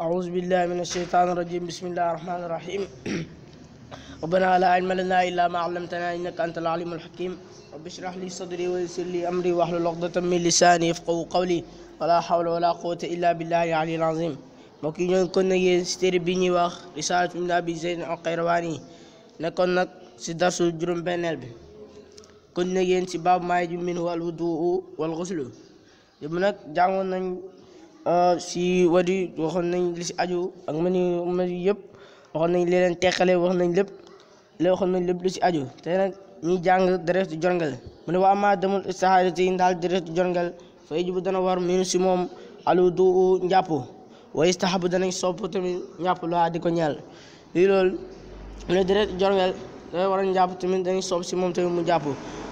أعوذ بالله من الشيطان الرجيم بسم الله الرحمن الرحيم ربنا لا علم لنا إلا ما علمتنا إنك أنت العليم الحكيم رب اشرح لي صدري ويسر لي أمري واحلل عقدة من لساني يفقهوا قولي ولا حول ولا قوة إلا بالله العلي العظيم mbokk yi ñoo kon nag yéen si téere bi ñuy wax risaalatu min abi zeyn al qayrawaan yi nekkoon nag si darsu juróom-benneel bi kon nag yéen si baabu maa yajibu minhu al wudu wal xuslu yëpp nag jàngoon nañ Euh, si wadi waxoon nañ li si aju ak ma mani yëpp waxoon nañ li leen teqale wax nañ lépp la waxoon nañ lépp lu si aju te nag ñuy jàng deretu jorngal mu ne wa ma damul istihaadati ndaal deretu jorngal fa yajibu dana war minu si moom alu duu njàpp wa istahabu danañ sopp tamit njàpp lu di ko ñeel lii loolu mu ne deretu jorngal dana waral njàpp tamit dañ sopp si moom tamit mu jàpp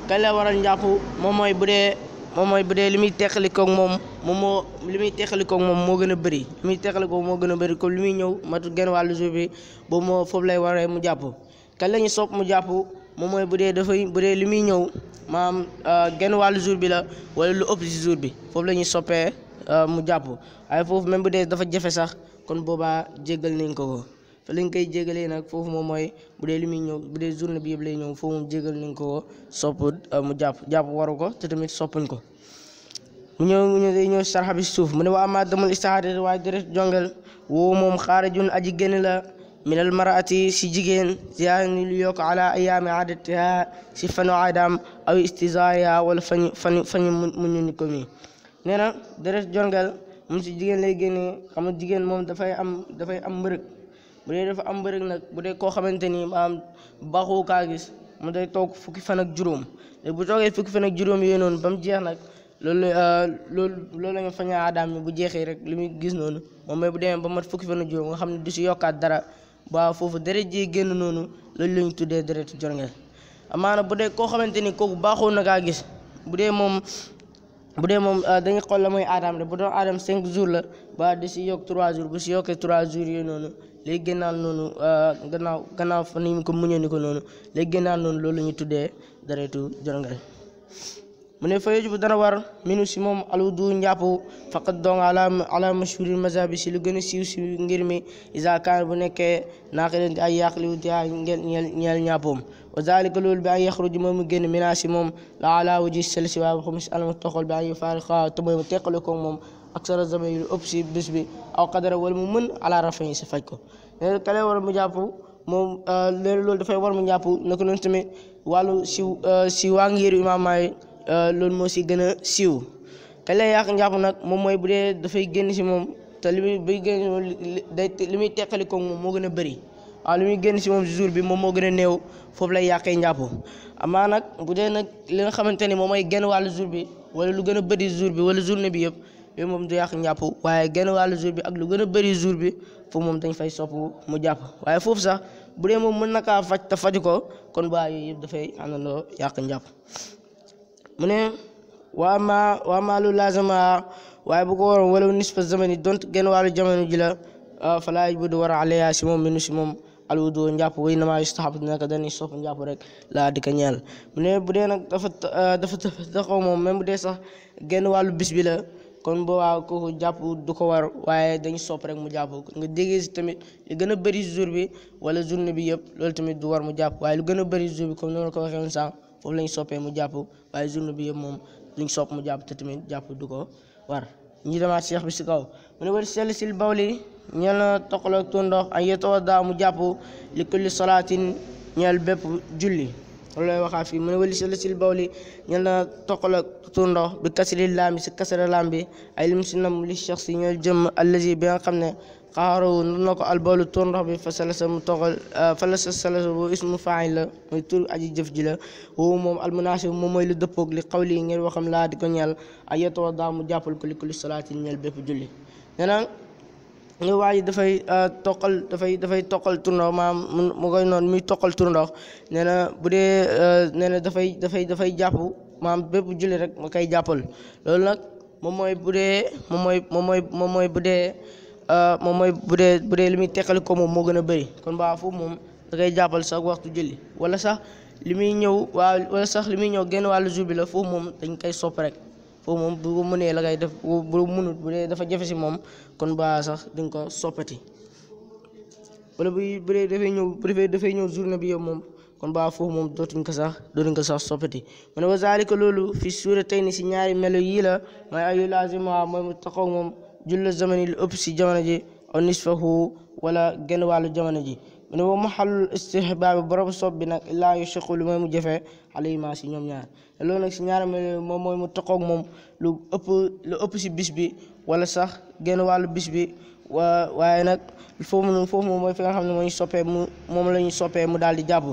kañ waral njàpp moom mooy bu dee moom mooy bu dee li muy teqalikoog moom moom moo li muy teqalikoog moom moo gën a bëri li muy teqalikoog moo gën a bëri comme li muy ñëw matu genn wàllu suuf bi boobu moo foofu lay waree mu jàpp kan la ñu sopp mu jàpp moom mooy bu dee dafay bu dee li muy ñëw maam euh, genn wàllu jour bi la wala lu ëpp si jour bi foofu la ñuy soppee euh, mu jàpp waaye foofu même bu dee dafa jafe sax kon boobaa jéggal nañ ko ko fa lañ koy jégalee nag foofu moom mooy bu dee li muy ñëw bu dee journée bi yëpp lay ñëw foofu moom jégal nañ ko sopp euh, mu jàpp jàpp waru ko te tamit soppuñ ko mu ñëw mu ñëw day suuf mu ne wa ama damul istihaada waaye deret jongal woo moom xaarajun aji génn la minal marati si jigéen ziyaani lu yokk ala ayaami aadatiha si fanu aadam aw istizaaya wala fañu fañu fañu mu ñu ni ko mi nee na deret jongal moom si jigéen lay génnee xam jigéen moom dafay am dafay am mbërëg bu dee dafa am bërëg nag bu dee koo xamante ni maanaam baaxoo kaa gis mu day toog fukki fan ak juróom léegi bu toogee fukki fan ak juróom yooyu noonu ba mu jeex nag loolu euh, loolu loolu la ñu fa ñaa bu jeexee rek li muy gis noonu moom mooy bu demee ba mat fukki fan ak juróom nga xam ne du si yokkaat dara ba foofu deret jee génn noonu loolu la ñu tuddee deretu jorngeel amaana bu dee koo xamante ni kooku baaxoo na kaa gis bu dee moom bu dee moom euh, dañuy xool la mooy aadam rek bu doon aadam cinq jours la ba di si yokk trois jours bu si yokkee trois jours yooyu noonu léegi gannaaw noonu euh, gannaaw gannaaw fan yi mu ko muñee ni ko noonu léegi gannaaw noonu loolu la ñuy tuddee daretu jorngal mu ne fa yajibu dana war minu si moom alwudu njàpp faqat donc ala ala mashhuril si lu gën a siiw si ngir mi kaan bu nekkee naaqilan di ay yàqliwu di ñeel ñàppoom wa zalika loolu bi an yaxruj moom mu génn mina si moom la ala waji sel si waa xamis alma toxal bi an yu faariqa te mooy mu teqale ko moom ak sara zame si bés bi aw qadara wala mu mën ala rafin yi faj ko léegi kale war mu jàpp moom euh, léegi loolu dafay war mu jàpp naka noonu tamit si euh, si waa ngiru imaam Maalik Euh, loolu moo si gën a siiw kañ lay yàq njàpp nag moom mooy bu dee dafay génn si moom te li muy bay génn si moom li muy teqali ko moom moo gën a bëri waaw li muy génn si moom si jour bi moom moo gën a néew foofu lay yàqee njàpp amaa nag bu dee nag li nga xamante ni moom mooy genn wàllu jour bi wala lu gën a bëri jour bi wala journée bi yëpp yooyu moom du yàq njàpp waaye genn wàll jour bi ak lu gën a bëri jour bi foofu moom dañ fay sopp mu jàpp waaye foofu sax bu dee moom mën na kaa faj te faj ko kon baa yooyu yëpp dafay àndandoo yàq njàpp mu ne waa ma waa ma lu laazama waaye bu ko waroon wala nisfa zamani dont genn wàllu jamono ji la ah, falaaj bu du war a aleya si moom minu si moom alwudu njàpp way nama yustahab naka dañuy sopp njàpp rek laa di ko ñeel bu dee nag dafa ah, dafa taxaw moom même bu sax genn wàllu bis bi la kon boobaa kooku jàpp du ko war waaye dañu sopp rek mu jàpp nga déggee tamit lu gën a bëri jour bi wala journée bi yëpp loolu tamit du war mu jàpp waaye lu gën a bëri jour bi comme noonu la ko waxee woon foofu lañ soppee mu jàpp waaye journée bi yëpp moom luñ sopp mu jàpp te tamit jàpp du ko war ñu demaat seex bi si kaw mu ne war sell sil bawli ñeel na toqaloog tuur ndox ak yetoo daa mu jàpp li kulli salaatin ñeel bépp julli loolu lay waxaa fii mu ne wali si la sil bawli ñen dana toqal ak bi kasri laam si kasara laam bi ay lim si nam li cheikh si ñoo jëmm allazi bi nga xam ne xaarawu nar na ko al tuur ndox bi fa sa sa mu toqal euh, fa la sa salasa bu ismu faa'il la muy tur aji jëf ji la woowu moom almunaasib moom mooy lu dëppoog li xawli ngir waxam laa di ko ñeel ay yetoo daa mu jàppal ko li kulli salaatin ñeel bépp julli waa ji dafay euh, toqal dafay dafay toqal tur maam mu koy noonu muy toqal tur nee na bu dee euh, nee na dafay dafay dafay jàpp maam bépp julli rek nga koy jàppal loolu nag moom mooy bu dee moom mooy moom mooy moom mooy bu dee euh, moom mooy bu dee bu dee li muy teqali ko moom moo gën a bëri kon baa foofu moom da jàppal sax waxtu julli wala sax li muy ñëw waa wala sax li muy ñëw génn wàllu jour bi la foofu moom dañ koy sopp rek foofu moom bu ko nee la ngay def bu mënut bu dee dafa jafe si moom kon baa sax di ko soppati wala bu bu dee dafay ñëw bu dee dafay bi yow moom kon baa foofu moom dootuñ ko sax dootuñ ko sax soppati mu ne wa zalika loolu fi suura tey ni si ñaari melo yii la mooy ayu lazima mooy mu taxaw moom julla zamani lu ëpp si jamono ji aw nisfahu wala genn wàllu jamono ji mu ne wa maxallul istihbaabi borom sob bi nag illaa yu siqu lu mooy mu jëfee alayhima si ñoom ñaar te loolu nag si ñaar moom mooy mu toqoog moom lu ëpp lu ëpp si bis bi wala sax genn wàll bis bi waa waaye nag foofu foofu moom mooy fi nga xam ne moo ñu soppee mu moom la ñu soppee mu daal di jàpp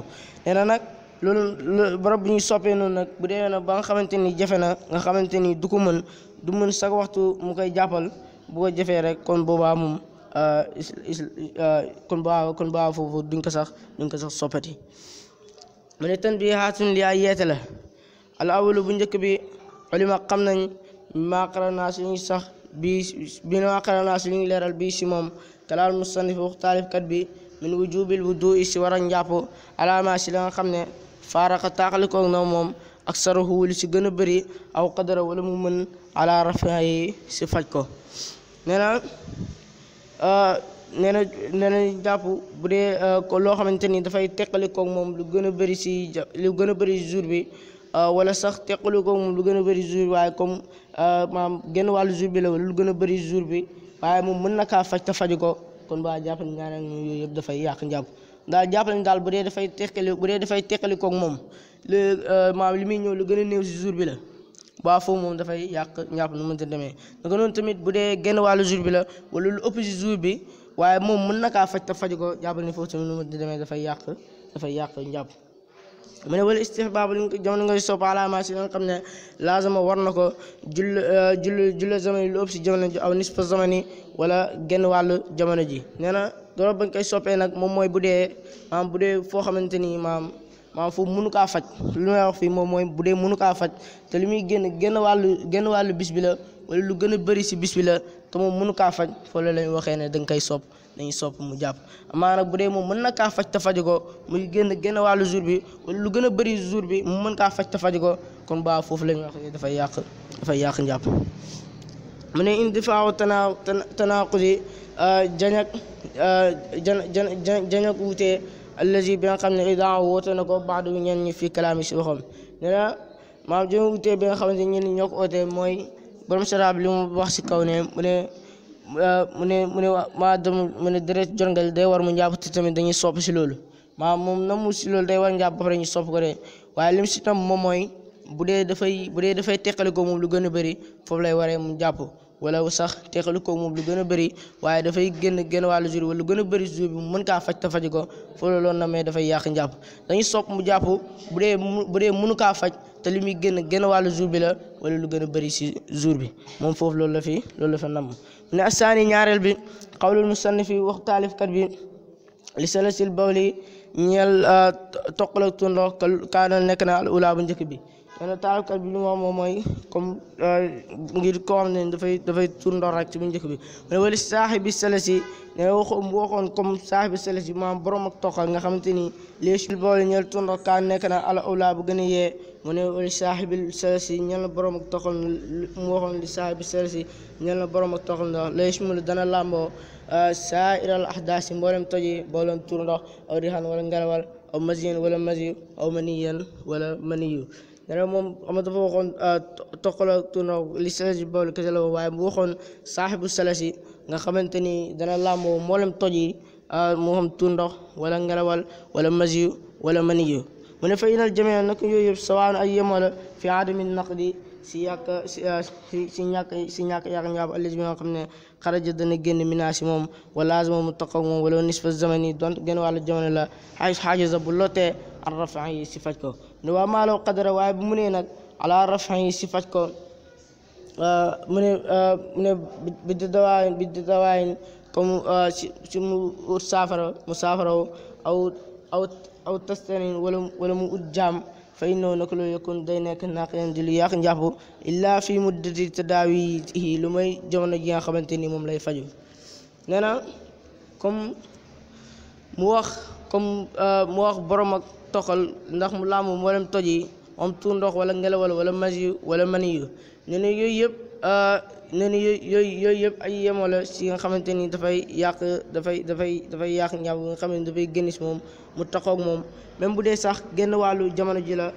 nee na nag loolu borom bi ñuy soppee noonu nag bu demee na ba nga xamante ni jafe na nga xamante ni du ko mën du mën sax waxtu mu koy jàppal bu ko jëfee rek kon boobaa moom Euh, euh, kon ba kon ba foofu duñ ko sax duñ ko sax soppati mu ne tan bi xaatun li ay yeete la al awalu bu njëkk bi ulima xam nañ maa qaranaa si ñu sax bi bi maa qaranaa si leeral bi si moom kalaal musannif wax taalifkat bi min wujubil wudu'i si war a njàpp alaama si la xam ne faaraqa taaxalikoog na moom ak saruhu li si gën a bëri aw qadara wala mu mën ala rafa yi si faj ko nee na Euh, nee na nee na jàpp bu dee euh, loo xamante ni dafay teqali moom lu gën a bëri si lu gën a bëri jour bi euh, wala sax teqali koog moom lu gën a bëri jour bi waaye comme maam genn wàllu jour bi lu gën a bëri jour bi waaye moom mën na kaa faj te faju ko kon ba jàpp ni ñaareel yooyu yëpp dafay yàq njàpp daal jàpp nañ daal bu dee dafay teqali bu dee dafay teqali moom li maam lu muy ñëw lu gën a néew si jour bi la. waa foofu moom dafay yàq njàpp nu mënta demee naka noonu tamit bu dee genn wàllu jour bi la wala lu ëpp si jour bi waaye moom mën na kaa faj te faj ko jàppal ni foofu tamit nu mënta demee dafay yàq dafay yàq njàpp mu ne wala istihbaab li jamono nga sopp alaama si nga xam ko jull euh, jull julle zamani lu ëpp si jamono ji aw nisfa zamani wala genn wàllu jamono ji nee na doro bañ koy soppee nag moom mooy bu dee maam bu dee foo xamante ni maam maanaam foofu mënu kaa faj lu may wax fii moom mooy bu dee mënu kaa faj te li muy génn génn wàllu génn wàllu bis bi la wala lu gën a bëri si bis bi la te moom mënu kaa faj foofu la ñu waxee ne da koy sopp dañuy sopp mu jàpp amaa bu dee moom mën na kaa faj te faj ko génn génn wàllu jour bi wala lu a bëri jour bi mu kaa faj te faj baa foofu la ñu wax dafay yàq dafay yàq njàpp mu ne indifaaw tanaa tanaaqusi ah, jañak ah, jañak wuutee allazi bi nga xam ne idaa woote na ko baadu ñenn ñi fi kalaami si waxam nee na maam jëm wutee bi nga xamante ñenn ñi ñoo ko mooy borom saraab li mu wax si kaw ne mu ne mu ne mu ne maa dem mu ne deret jorngal day war mu jàpp te tamit dañuy sopp si loolu maa moom na mu si loolu day war njàpp ba pare ñu sopp ko de waaye lim si tam moom mooy bu dee dafay bu dee dafay teqale ko moom lu gën a bëri foofu lay waree mu jàpp wala sax teexalu ko moom lu gën a bëri waaye dafay génn génn wàllu jour wala lu a bëri jour bi mu mën faj te faj ko na mais dafay yàq njàpp dañuy sopp mu jàpp bu bu dee mënu kaa faj te li muy génn génn wàllu jour bi la wala lu gën a bëri si jour bi moom foofu loolu la fi loolu la fa namm ne asaani ñaareel bi xawlul fi wax taalifkat bi li si bawli ñeel ah, toqalak tundox kaanal nekk na al ula bu njëkk bi nee na taalkat bi li mu wax moom mooy comme ngir koo xam ne dafay dafay tur ndoor rek ci bu njëkk bi mu ne wala saaxi bi selesi ne waxoon bu waxoon comme saaxi bi selesi maam borom ak toqa nga xamante ni léegi boole ñeel tur ndoor kaan nekk na ala awlaa bu gën a yee mu ne wala saaxi bi selesi ñeel na borom ak toqal mu waxoon li saaxi bi selesi ñeel na borom ak toqal ndox léegi mu dana làmboo ah, saa iral ahdaas yi mboolem toj yi boolem tur ndox aw rixan wala ngelawal aw masiyen wala masiyu aw maniyen wala maniyu dana moom ama dafa waxoon ah, toqala tunaw li salasi boole kese la waaye bu waxoon saaxibu salasi nga xamante ni dana làmboo mboolem toj yi ah, moo ndox wala ngelawal wala masiyu wala maniyu mu ne fa inal jamee nag yooyu yëpp sawaan ay yemoo la fi aadami naqdi si yàq ah, si si ñàkk si ñàkk yàq ñaab allis bi nga xam ne xaraja dana génn minaa moom wala lazima mu taqaw moom wala nisfa zamani donte genn wàllu jamono la xaaj xaaja bu lotee an rafan yi si faj ko ne waa maalaw qadara waaye bu mu nee nag yi si faj ko ah, mu ah, dawaayin biddi dawaayin comme ah, si si mu saafara mu saafara aw aw aw wala mu ut jaam fa innahu naka loolu yëkkoon day nekk naaqiyan di lu yàq njàpp illaa fi muddati tadaawihi lu may jamono ji nga xamante ni moom lay faju nee na comme mu toxal ndax mu laamu mboolem toj yi am tuur ndox wala ngelawal wala magi wala mani yu ne ne yooyu yëpp ah, ne ne yooyu yooyu yëpp ay yemoo la si nga xamante ni dafay yàq dafay dafay dafay yàq ñaaw nga xam ne dafay génn si moom mu taxoog moom même bu dee sax genn wàllu jamono ji la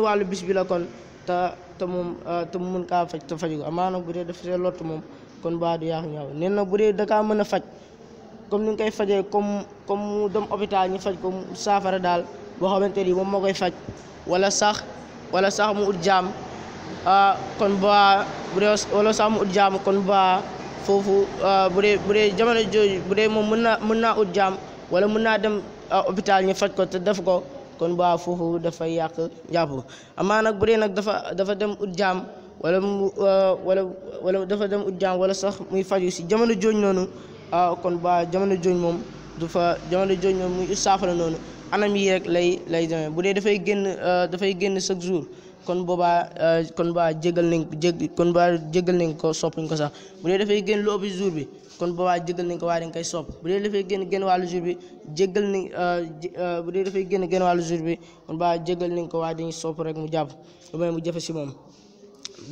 wàllu bis bi la kon te te moom ah, te mu mun kaa faj te faju ko amaana bu dee dafa see lott moom kon baa du yàq ñaaw nee na bu dee da kaa mën a faj comme ni nga koy fajee comme comme mu dem hôpital ñu faj ko saafara daal boo xamante ni moom moo koy faj wala sax wala sax mu ut jaam ah, kon ba bu dee wala sax mu ut jaam kon ba foofu ah, bu dee bu dee jamono jooju bu dee moom mën naa mën naa ut jaam wala mën naa dem ah, hôpital ñu faj ko te def ko kon ba foofu dafay yàq njàpp amaa nag bu dee nag dafa dafa dem ut jaam wala mu wala wala dafa dem ut jaam wala sax muy faju si jamono jooju noonu kon ba jamono jooju moom du fa jamono jooju noonu muy ut saafara noonu anam yi rek lay lay demee bu dee dafay génn euh, dafay génn chaque jour kon boobaa euh, kon baa jégal nañ jég kon baa jégal nañ ko soppuñ ko sax bu dee dafay génn lu ëpp jour bi kon boobaa jégal nañ ko waaye dañ koy sopp bu dee dafay génn génn wàllu jour bi jégal nañ euh, bu dee dafay génn génn wàllu jour bi kon boobaa jégal nañ ko waa waaye dañuy sopp rek mu jàpp lu may mu jafe si moom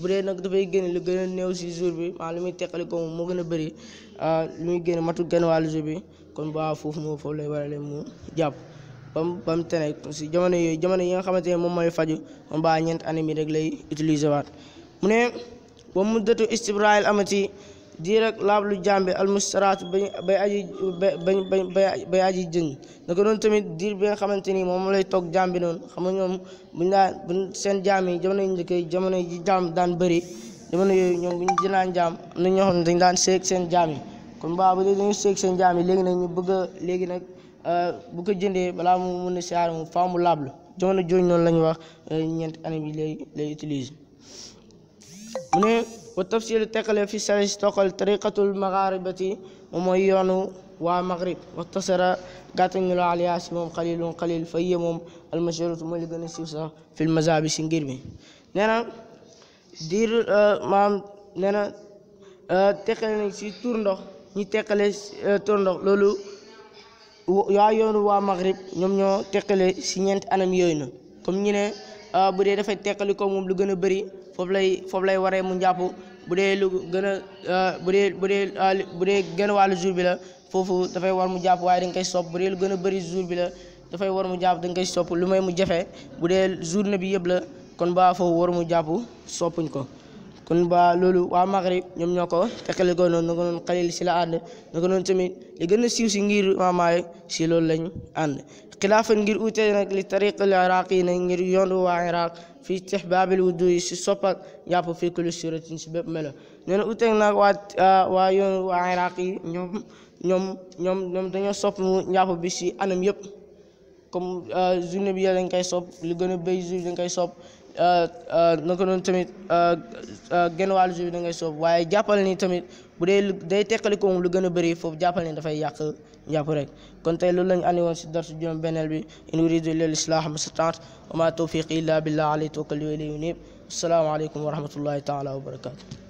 bu dee nag dafay génn lu gën a néew si jour bi maa lu muy teqali ko moom moo gën a bëri lu muy génn matul génn wàllu jour bi kon boobaa foofu moo foofu lay war a warale mu jàpp ba mu ba mu jamono yooyu jamono yi nga xamante ne moom mooy faju moom baa ñeent année bi rek lay utiliser waat mu ne ba mu dëtu istibrail amati di rek laablu jàmbe almustaraat bay bay aji bay aji jëñ na ko doon tamit diir bi nga xamante ni moom lay toog jàmbi noonu xam nga ñoom buñ daan buñ seen jaam yi jamono yi njëkk jamono yi jaam daan bëri jamono yooyu ñoom buñ dinaan jaam na ñoo xam ne dañ daan seeg seen jaam kon baabu léegi dañu seeg seen jaam yi léegi nag ñu bëgg a nag euh, bu ko jëndee balaa mu mun a siyaare mu faaw mu laab noonu la wax euh, ñeenti anam yi lay lay utiliser mu ne wa tafsilu teqale fi salis toqal tariqatul magharibati moom mooy yoonu waa maghrib waxtasara gàtta ñu la aliya moom xalilun xalil fa yé moom almasharatu mooy li gën a fil mazhabi si ngir bi nee na diir euh, si tur ndox ñi teqale euh, tóndox loolu waa yoonu waa maghrib ñoom ñoo teqale si ñeent anam yooyu na comme ñu ne euh, bu dee dafay teqalikoo moom lu gën a bëri foofu lay foofu lay waree mu njàpp bu dee lu gën a euh, bu dee bu dee bu dee gën a wàllu la foofu dafay war mu jàpp waaye dañ koy sopp bu dee lu gën a bëri jour bi la dafay war mu jàpp dañ koy sopp lu may mu jafe bu dee journée bi yëpp la kon ba foofu war mu jàpp soppuñ ko kon ba loolu waa Maghrib ñoom ñoo ko teqale ko noonu naka noonu xalil si noonu tamit gën a si ngir maamaay si loolu lañ ànd xilaafa ngir uute nag li yi nag ngir yoon waa iraq fi istihbaabil wudu yi si soppak jàpp fi kulli suratin si bépp melo nee na uute nag waa ah, waa waa iraq yi ñoom ñoom ñoom ñoom dañoo sopp njàpp bi si anam yëpp comme ah, journée bi yëpp dañ koy sopp li gën a béy jour koy sopp naka noonu tamit euh, euh, genn wàllu jour bi da ngay soob waaye jàppal ni tamit bu dee day teqalikoo moom lu gën a bëri foofu jàppal ni dafay yàq njàpp rek kon tey loolu lañu andi woon si darsu juróom benneel bi in uridu illa al-islah ma stata'tu wa ma tawfiqi illa billah alayhi tawakkaltu wa ilayhi unib assalaamu aleykum wa rahmatullahi taala wa barakatu